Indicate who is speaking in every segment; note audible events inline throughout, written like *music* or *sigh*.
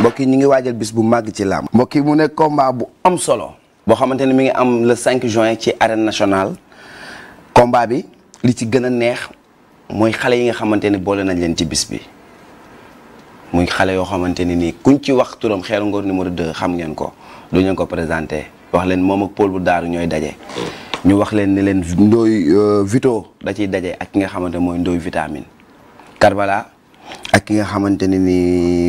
Speaker 1: mbokk yi ñu ngi waajal bis bu màgg ci lam mbokk yi mu nekk combat bu am solo boo xamante ne mi ngi am le 5 juin ci arène national combat bi li ci gën a neex mooy xale yi nga xamante ni boole nañ leen ci bis bi muy xale yoo xamante ni nii kuñ ci wax turam Xeeru Ngor numéro 2 xam ngeen ko du ñu ko présenté wax leen moom ak Paul bu daaru ñooy daje. ñu wax leen ni leen ndooy euh, Vito da ciy daje ak ki nga xamante mooy ndooy vitamine Karbala ak ki nga xamante ne ni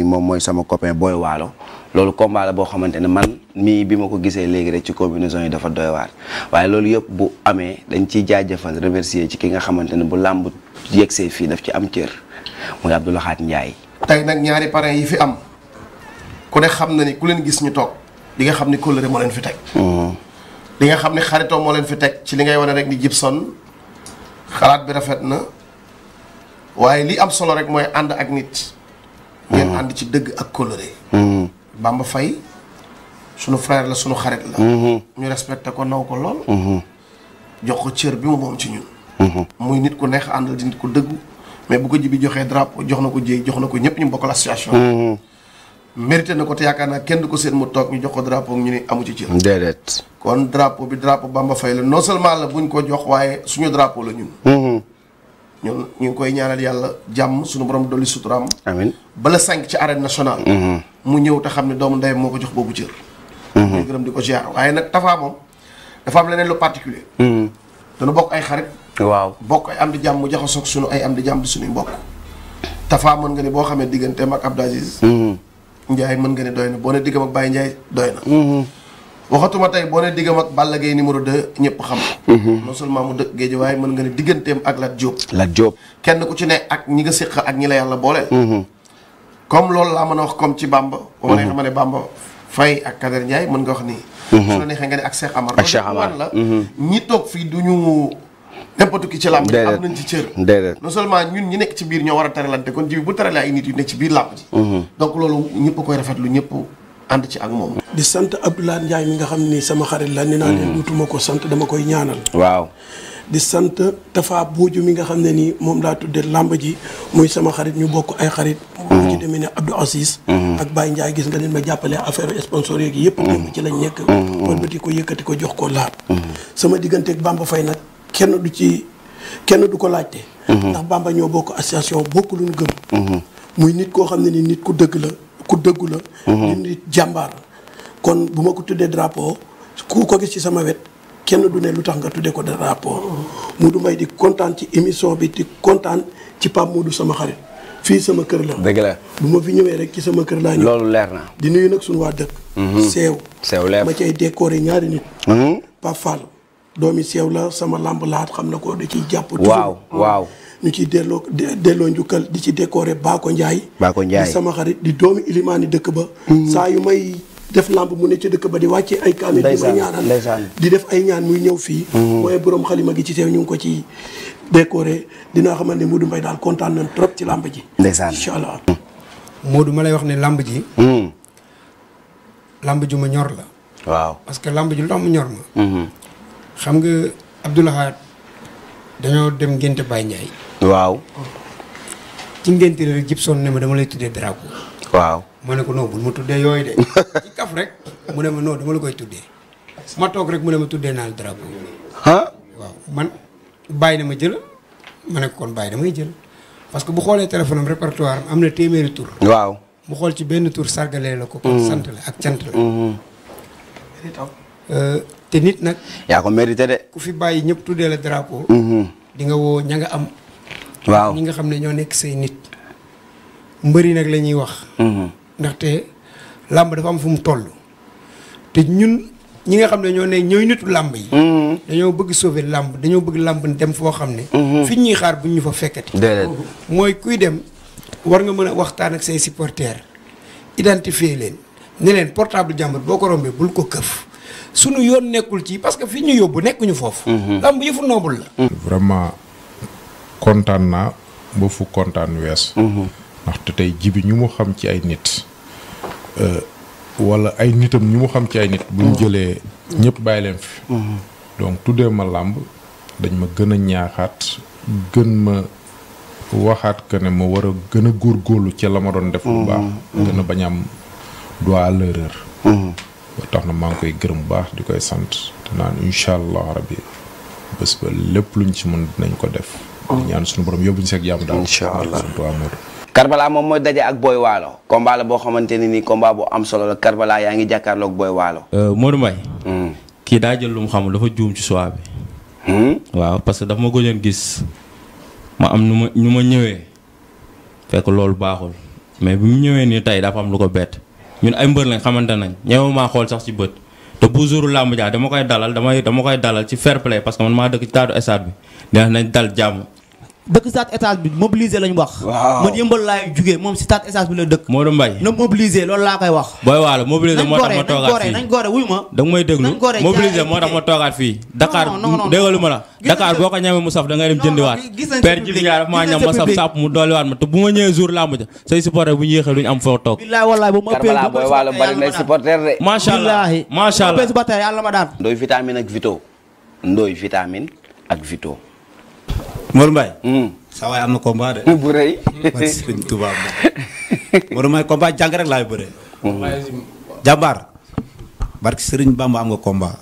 Speaker 1: moom mooy sama copain booy Waalo loolu combat la boo xamante ne man mii bi ma ko gisee léegi rek ci combinaison yi dafa doy waar waaye loolu yëpp bu amee dañ ciy jaajëfal remercier ci ki nga xamante ne bu làmb yegsee fii daf ci am cër muy Abdou Lahat Ndiaye.
Speaker 2: tey nag ñaari parrain yi fi am ku ne xam na ni ku leen gis ñu toog di nga xam ni kóllëre moo leen fi teg. Mm-hmm. di nga xam ni xaritoo moo leen fi teg ci li ngay wane rek ni Jibson xalaat bi rafet na. waaye li am solo rek mooy ànd ak nit. ngeen mm. ànd ci dëgg ak coloré. Mm. Bamba fay sunu frère la suñu xarit la. Mm-hmm. ñu respecté ko naw ko lool. Mm-hmm. jox ko cër bi mu moom ci ñun. Mm-hmm. muy nit ku neex àndal di nit ku dëggu mais bu ko jibi joxee drapeau jox na ko jéey jox na ko ñëpp ñu bokk association. mérité na ko te yaakaar naa kenn du ko seen mu toog ñu jox ko drapeau ñu ne amu ci cër. déedéet. kon drapeau bi drapeau Bamba fay la no seulement la buñ ko jox waaye suñu drapeau la ñun. ñun ñu ngi koy ñaanal yàlla jàmm suñu borom dolli suturaam. amiin bala sànq ci arène nationale. Mm-hmm. mu ñëw te xam ne doomu ndeyam moo ko jox boobu cër. ñu mm-hmm. gërëm di ko ziar waaye nag Tapha moom dafa am leneen lu particulier. Mm-hmm. dañu bokk ay xarit. waaw bokk ay am di jàmm jaxasoo ak sunu ay am di jàmm di suñuy mbokk. Tapha mën nga ne boo xamee digganteem ak Abdou Aziz. Ndiaye mën nga ne doy na boo ne diggam ak Baye Ndiaye doy na. waxatuma tey boo ne diggam ak Balla Gaye numéro 2 ñëpp xam mhm. non seulement mu dëkk géej waaye mën nga ne digganteem ak Lat Diop Lat Diop kenn ku ci ne ak ñi nga séq ak ñi la yàlla booleel mhm. comme loolu laa man a wax comme ci Bamba ba ma mhm. ne xam ne Bamba Faye ak Kader Ndiaye mën nga wax nii su la neexee nga ne ak Cheikh Amar ak Cheikh la ñi toog fii duñu n'importe qui ci làmb nañ ci cër déedéet non seulement ñun ñi nekk ci biir ñoo war a tare lante kon jibi bu tare ay nit yu nekk ci biir làmb ji donc loolu ñëpp koy lu ñëpp ànd ci ak moom di sant Abdoulaye Ndiaye mi nga xam ni sama xarit la. ni naa leen mm. duutuma ko sant dama koy ñaanal.
Speaker 1: waaw
Speaker 3: di sant Tafa Booju mi nga xam ne nii moom laa tuddee làmb ji muy sama xarit ñu bokk ay xarit. mu mm-hmm. ci demee ne Abdou Assis. Mm-hmm. ak Baye Ndiaye gis nga leen ma jàppale affaire sponsor yeeg yëpp. Mm-hmm. ñëpp ci lañ nekk. wëlbati ko yëkkati ko jox ko laab. sama digganteeg Bamba Faye nag kenn du ci kenn du ko laajte. ndax Bamba ñoo bokk association bokk lu ñu gëm. muy nit koo xam ne ni nit ku dëgg la ku dëggu la. nit jàmbaar. kon bu ma ko tuddee drapeau ku ko gis ci sama wet kenn du ne lu tax nga tuddee ko mu du may di kontaan ci émission bi di kontaan ci Pape du sama xarit fii sama kër la. dëgg bu ma fi ñëwee rek ci sama kër laa loolu leer na. di nuyu nag suñu waa dëkk.
Speaker 1: Mhm. seew. seew leer ma cay
Speaker 3: décoré ñaari nit. Mhm. Pape Fall doomi seew la sama lamb laat xam na ko di ciy jàpp. waaw mhm. waaw ñu ciy delloo delloo njukkal di ci décoré Bako Ndiaye. Bako Ndiaye di sama xarit di doomi ilimaani dëkk ba. saa yu may. def lamb mu ne ca dëkk ba di wàcce ay kaamil di may ñaanal di def ay ñaan muy ñëw fii mm-hmm. waaye borom xalima gi ci teew ñu ngi ko ci décoré dinaa xamante ne du Mbaye daal kontaan nañ trop ci lamb ji ndeysaan incha allah mm.
Speaker 4: Modou ma lay wax ne lamb ji mm. ju ma ñor la waaw parce que lamb ji lu mu ñor ma mm-hmm. xam nga Abdoulahat dañoo dem ngénte Baye Ndiaye waaw ci ngénte la Gibson ne ma dama lay tuddee drapeau ma ne ko non bul ma tuddee yooyu de *laughs* ci kaf rek mu ne ma non dama la koy tuddee su ma toog rek mu ne ma tuddee naa la drapeau waaw man bàyyi na ma jël ma ne ko kon bàyyi damay jël parce que bu xoolee téléphone am répertoire am na téeméeri tur waaw mu xool ci benn tur sargalee la ko kon mm-hmm. sant ak cant la mm-hmm. euh, te nit nag yaa ko mérité de ku fi bàyyi ñëpp tuddee la drapeau mm-hmm. di nga woo ña nga am waaw ñi nga xam ne ñoo nekk say nit mbëri nag la ñuy wax ndaxte làmb dafa am fu mu toll te ñun ñi nga xam ne ñoo ne ñooy nitu làmb yi. Mm-hmm. dañoo bëgg sauver làmb dañoo bëgg làmb dem foo xam ne. Mm-hmm. fi ñuy xaar bu ñu fa fekkati. mooy kuy dem war nga mën a waxtaan ak say supporters identifier leen ne leen portable jàmbur boo ko rombee bul ko këf sunu yoon nekkul ci parce que fi ñu yóbbu nekkuñu foofu. Mm-hmm. làmb yëfu noobul
Speaker 3: la. vraiment kontaan naa ba fu kontaan wees. ndaxte tey jibi ñu mu xam ci ay nit. Euh, wala ay nitam ñu mu xam ci ay nit. bu mm. jëlee mm. ñëpp bàyyi leen fi. Mm. donc tuddee ma làmb dañ ma gën a ñaaxaat gën ma waxaat que ne ma war a gën a góor góorlu ci la ma doon def. lu baax bañ am droit à l'erreur. ba na maa ngi koy gërëm bu baax di koy sant te naan incha allah rabi bés ba lépp ñu ci mun dinañ ko def. ñaan sunu suñu borom yóbbuñ seeg jàmm daal. incha allah
Speaker 1: Karbala moom mooy daje ak Boy Waalo combat boo xamante ne nii combat boo am solo la Karbala yaa ngi jàkkaarloog Boy Waalo. Euh, Modou Mbaye. Hmm. kii daa jël lu mu xamul dafa juum ci choix bi. Hmm? waaw parce que dafa ma gëjoon gis ma am nu ma nu ma ñëwee fekk loolu baaxul mais bi mu ñëwee nii tey dafa am lu ko bett ñun ay mbër lañ xamante nañ ñëw maa xool sax ci bët. te bu jour làmb jaa dama koy dalal damay dama koy dalal ci fair play parce que man maa dëkk ci taatu stade bi dinañ dal jàmm. dëkk stade étage bi mobiliser lañ wax. waaw man yëmbal laay jugee moom si stade étage bi la dëkk. Modou Mbaye na mobiliser loolu laa koy wax. booy waalo mobiliser moo tax ma toogaat fii nañ gore wuy ma. da nga may déglu mobiliser moo tax ma toogaat fii. Dakar déggalu ma la. Dakar boo ko ñamee mu saf da ngay dem jëndiwaat. père ji li nga def maa ñam ma saf sàpp mu dooliwaat ma te bu ma ñëwee jour làmb ja say supporter bu ñu yéexee duñu am foo toog. billaay wallaay bu ma peel bu ma waalo bari na supporter de. macha allah macha allah yàlla ma daan. ndoy vitamine ak vito Mor Mbaye. Hmm.
Speaker 4: sa waay am na combat de. *laughs* bu rëy. man sëriñ Tuubaa moom. Mor Mbaye combat jàng rek laay bëree. Hmm. jàmbaar. barki sëriñ Bamba am nga combat.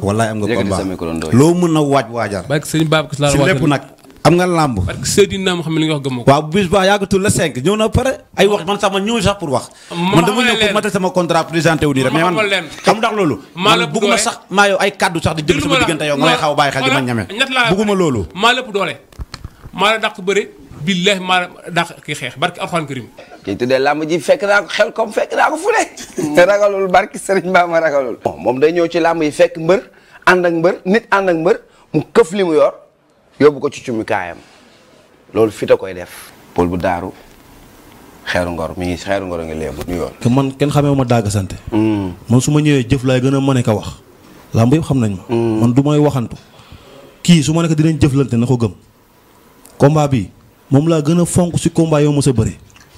Speaker 4: wallaay am nga combat loo mën a waaj waajal.
Speaker 2: barki sëriñ Bamba si lépp nag. am nga làmb. parce que Seydina Mohamed li ko. waaw
Speaker 4: la 5 ñëw na pare ay wax man sax man ñëw sax pour wax. man dama ñëw pour matal sama contrat présenté wu nii rek. mais man xam ndax loolu. maa la bëgguma sax maa yow ay kaddu sax a bàyyi xel di ma ñeme.
Speaker 2: bëgguma loolu. maa lépp doole maa
Speaker 1: fekk naa ko xel comme fekk naa ko fu ne. te mm. *laughs* ragalul barki Serigne Ba ma ragalul. moom day ñëw ci làmb yi fekk mbër ànd ak mbër nit ànd ak mbër mu këf li mu yor yóbbu ko ci cummi loolu fit a koy def. pôl bu daaru xeeru ngor mi ngi xeeru ngor ngi léegi ñu yoon. man kenn xamee ma daaga sant. Mm. man su ma ñëwee jëf laay gën a mën a wax. làmb yëpp xam nañ mm. may waxantu. kii su ma nekk dinañ jëflante na ko gëm. combat bi moom laa gën a fonk si combat yow mos a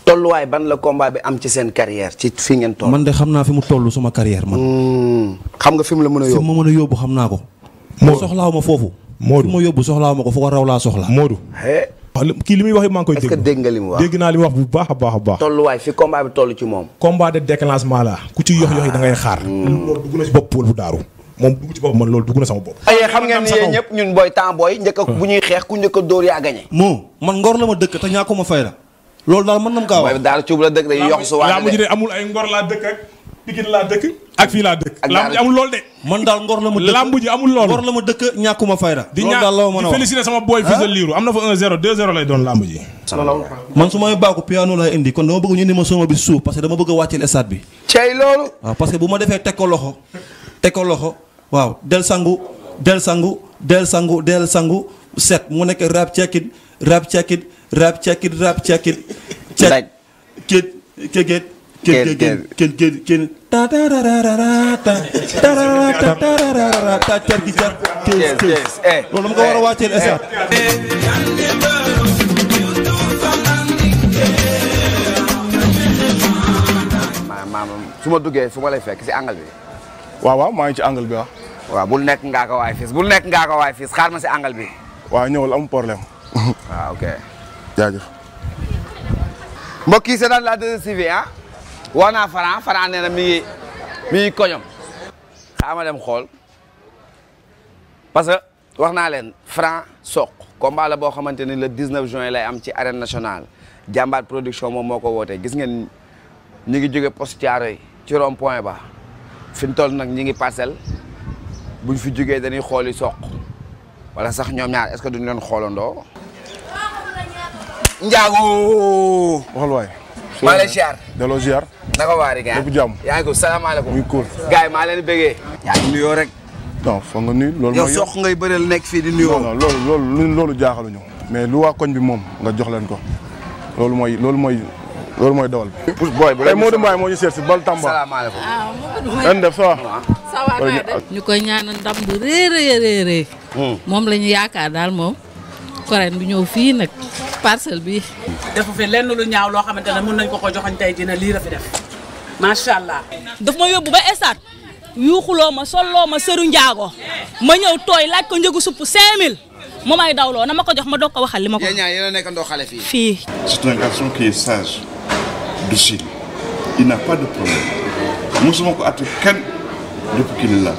Speaker 1: tolluwaay ban la combat bi am ci seen carrière ci fi ngeen man de xam naa fi mu toll sama carrière man. Mm. xam nga fi mu la mën a yóbbu ma mën a yóbbu xam naa ko. moo soxlaaw ma foofu.
Speaker 3: Modou ma yóbbu soxlaa ma ko fu ko raw laa soxla Modou kii li muy wax maa ngi koy
Speaker 1: dégg nga li mu wax dégg
Speaker 3: naa li mu wax bu baax a baax baax
Speaker 1: tolluwaay fi combat bi toll ci moom
Speaker 3: combat de déclenchement la ku ci yox yox yi ah. da ngay xaar hmm. loolu dugg na si bopp bu daaru moom dugg ci bopp man loolu dugg na sama bopp
Speaker 1: ayee xam ngeen ni ñun booy temps booy njëkk a ah. bu ñuy xeex ku njëkk a dóor yaa gañe moo man ngor la ma dëkk te ñaa ko ma fay la loolu daal mën nam kaa wax daal cuub la
Speaker 3: Pikine laa dëkk ak fii laa dëkk. lamb amul lool de. man daal ngor la ma dëkk lamb ji la di ñaa di féliciter sama boy fii ah? na fa
Speaker 1: man su may baaku piano lay indi kon dama bëgg ñu indi ma sooma bi suuf parce dama bëgg a wàcceel bi.
Speaker 3: cey loolu.
Speaker 1: waaw ah, parce bu ma defee teg ko loxo teg ko loxo waaw del sangu del sangu del sangu del sangu set mu nekk rap ceekit rap ceekit rap ceekit rap ceekit. ceek kit kéget. kenn kenn kenn kenn kenn
Speaker 3: ta ta ta ta ta car gi car kees kees loolu dama ko war a wàcceel eh, esaat eh.
Speaker 1: maanaam su ma duggee su ma lay fekk si angle bi waaw waaw maa ngi ci angle bi waaw waaw bul nekk ngaa ko waay fiis bul nekk ngaa ko waay fiis xaar ma si angle bi waaw ñëwal am problème waaw ah, ok jaajëf mbokk yi seetaan la 2STV ah woo naa Franc Franc nee na mi ngi mi ngi koñom xaama dem xool parce que wax naa leen Franc Sokh combat la boo xamante ni le 19 juin lay am ci arène national jàmbaar production moom moo ko wootee gis ngeen ñu ngi jóge poste Thiaroye ci rond point ba fi mu toll nag ñi ngi parcelle buñ fi jógee dañuy xooli Sokh wala sax ñoom ñaar est-ce que duñ leen xoolandoo njaago
Speaker 2: waxal waay maa lay ziar. delloo ziar.
Speaker 1: naka waari gars ko salaamaaleykum. muy cool gars yi maa leen bëggee. yaa rek.
Speaker 2: nga nuyu loolu. yow ngay bëreel nekk fii di nuyoo. non loolu loolu loolu jaaxaluñu. mais lu waa koñ bi moom nga jox leen ko loolu mooy loolu mooy loolu mooy dawal bi. pousse booy bu la ñu moo ñu si Bal Tamba. salaamaaleykum ah Modou def ça
Speaker 3: ñu koy
Speaker 1: ñaanal ndam bu réeréeréeréer. Hmm. moom la ñu yaakaar daal moom. Corène bi ñëw fii nag parcelle bi
Speaker 2: defu fi lenn lu ñaaw loo xamante ne mën nañ ko ko joxoñ tey dina lii la fi def ma yóbbu ba estaat yuuxuloo ma solloo ma sëru njaago ma ñëw tooy laaj ko njëgu supp
Speaker 1: 5000 moom ay dawloo na ma ko jox ma doog ko waxal li ma ko. yéen ñaa yéen a nekkandoo xale fii. fii.
Speaker 3: c'est un garçon qui est sage docile il n'a pas de problème mosuma ko àtte kenn depuis qu'il est là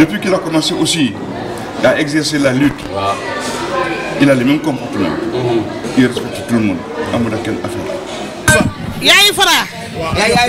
Speaker 3: depuis qu'il a commencé aussi à exercer la lutte. waaw. il a le même comportement. Mm-hmm. il respecte tout le monde amul ak kenn affaire.
Speaker 1: yaayu Fara.